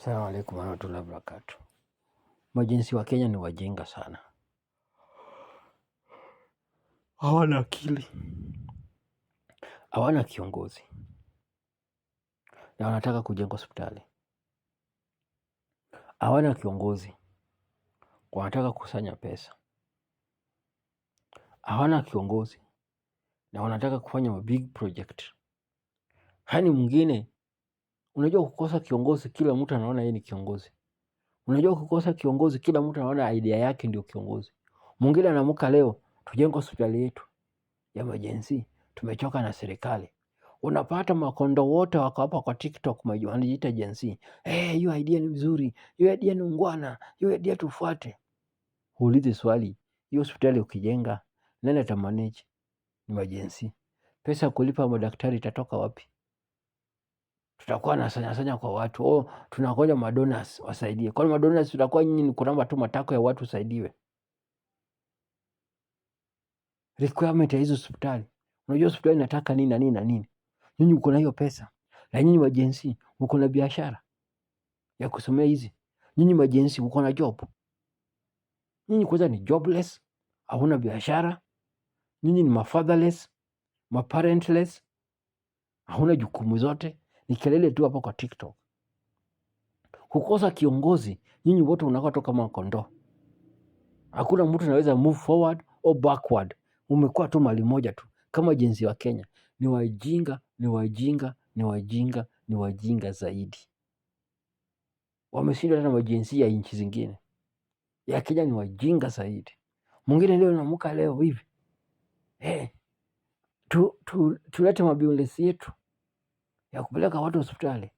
Salamu alaikum warahmatullahi wabarakatu. Majinsi wa Kenya ni wajinga sana, hawana akili, hawana kiongozi na wanataka kujenga hospitali. Hawana kiongozi, wanataka kukusanya pesa. Hawana kiongozi na wanataka kufanya big project. Hani mwingine Unajua kukosa kiongozi, kila mtu anaona yeye ni kiongozi. Unajua kukosa kiongozi, kila mtu anaona idea yake ndio kiongozi. Mwingine anaamka leo, tujenge hospitali yetu ya majenzi, tumechoka na serikali. Unapata makondo wote wako hapa kwa TikTok wanajiita Gen Z. Eh, hiyo idea ni nzuri. hiyo idea ni ngwana. hiyo idea tufuate. Uulize swali, hiyo hospitali ukijenga nani atamanage? Ni majenzi. Pesa kulipa madaktari itatoka wapi? tutakuwa na sanya sanya kwa watu oh, tunangoja madonas wasaidie. Kwani madonas tutakuwa nyinyi ni kuramba tu matako ya watu usaidiwe? Requirement ya hizo hospitali, unajua hospitali inataka nini na nini na nini. Nyinyi uko na hiyo pesa, na nyinyi majensi uko na biashara ya kusomea hizi, nyinyi majensi uko na job. Nyinyi kwanza ni jobless, hauna biashara. Nyinyi ni mafatherless, maparentless, hauna jukumu zote ni kelele tu hapo kwa TikTok. Kukosa kiongozi, nyinyi wote unakuwa unakatoka kama kondoo. Hakuna mtu anaweza move forward au backward, umekuwa tu mali moja tu kama jinsi wa Kenya. Ni wajinga, ni wajinga, ni wajinga, ni wajinga zaidi. Wameshindwa na majinsi ya nchi zingine. Ya Kenya ni wajinga zaidi. Mwingine leo namuka leo hivi hey, eh, tu, tu, tulete mabiolesi yetu ya kupeleka watu hospitali.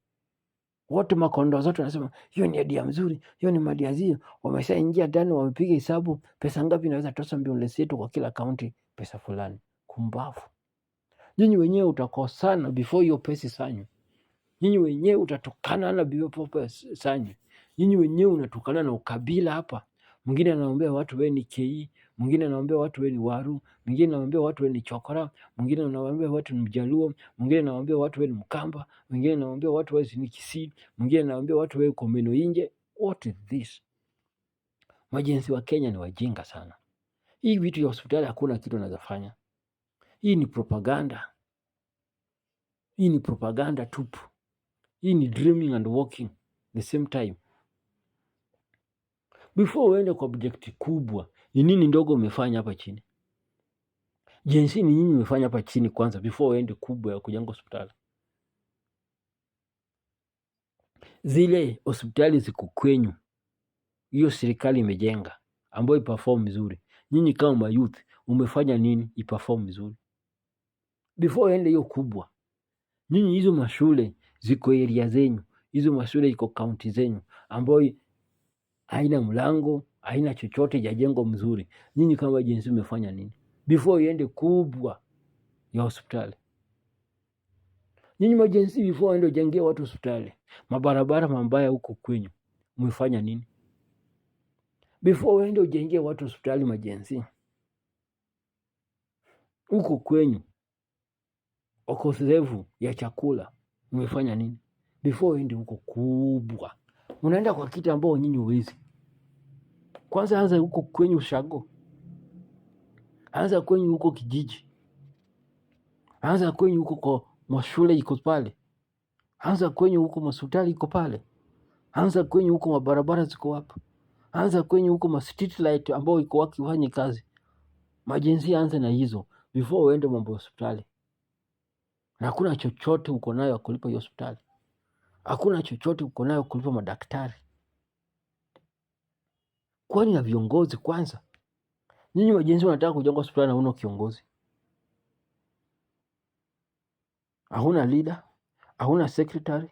Wote makondo zote wanasema hiyo ni adia mzuri, hiyo ni madiazio. Wameshaingia ndani, wamepiga hesabu pesa ngapi inaweza tosa mbio yetu kwa kila kaunti, pesa fulani. Kumbavu nyinyi wenyewe, utakosana before hiyo pesa sanyu. Nyinyi wenyewe utatukana na before pesa sanyu. Nyinyi wenyewe unatukana na ukabila hapa. Mwingine anaombea watu, wewe ni kei mwingine anawaambia watu wewe ni Waru, mwingine anawaambia watu wewe ni Chokora, mwingine anawaambia watu ni Mjaluo, mwingine anawaambia watu wewe ni Mkamba, mwingine anawaambia watu wewe ni Kisii, mwingine anawaambia watu wewe uko meno inje. What is this? Majenzi wa Kenya ni wajinga sana. Hii vitu ya hospitali hakuna kitu anazofanya. Hii ni propaganda, hii ni propaganda tupu. Hii ni dreaming and walking the same time. Before uende kwa objekti kubwa ni nini ndogo umefanya hapa chini? Jinsi ni nini umefanya hapa chini kwanza before uende kubwa ya kujenga hospitali. Zile hospitali ziko kwenyu, hiyo serikali imejenga ambayo iperform vizuri. Nyinyi kama ma youth umefanya nini iperform vizuri before uende hiyo kubwa? Nyinyi hizo mashule ziko area zenyu, hizo mashule iko kaunti zenyu ambayo haina mlango aina chochote ya jengo mzuri. Nyinyi kama jinsi umefanya nini before iende kubwa ya hospitali? Nyinyi majensi before ende ujengee watu hospitali, mabarabara mambaya huko kwenyu umefanya nini before uende ujengee watu hospitali? Majensi huko kwenyu, okosefu ya chakula umefanya nini before uende huko kubwa? Unaenda kwa kitu ambao nyinyi uwezi kwanza anza huko kwenye ushago, anza kwenye huko kijiji, anza kwenye huko kwa mashule iko pale, anza kwenye huko masutali iko pale, anza kwenye huko mabarabara ziko hapa, anza kwenye huko ma street light ambao iko wakifanya kazi majenzi, anza na hizo before uende mambo ya hospitali. Na hakuna chochote uko nayo kulipa hospitali, hakuna chochote uko nayo kulipa madaktari kwani na viongozi kwanza. Nyinyi wajenzi wanataka kujenga hospitali na una kiongozi, hauna leader, hauna secretary,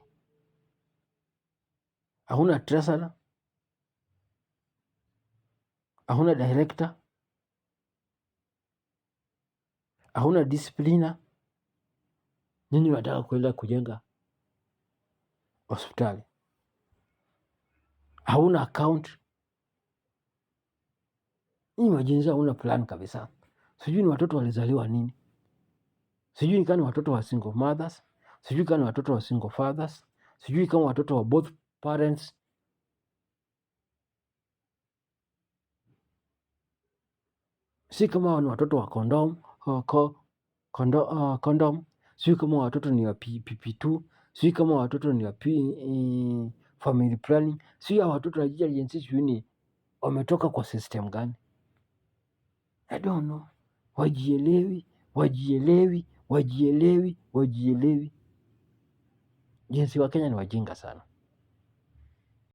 hauna treasurer, hauna director, hauna disciplina. Nyinyi wanataka kuenda kujenga hospitali, hauna account hii majinsia una plan kabisa. Sijui ni watoto walizaliwa nini. Sijui kani watoto wa single mothers, sijui kani watoto wa single fathers, sijui kama watoto wa both parents. Si kama ni watoto wa kondom, kondom. Uh, uh, sijui kama watoto ni wa ppp 2 sijui kama watoto ni wa eh, family planning. Sijui watoto wa jinsi, sijui ni wametoka kwa system gani. I don't know, wajielewi, wajielewi, wajielewi, wajielewi. Jinsi Wakenya ni wajinga sana.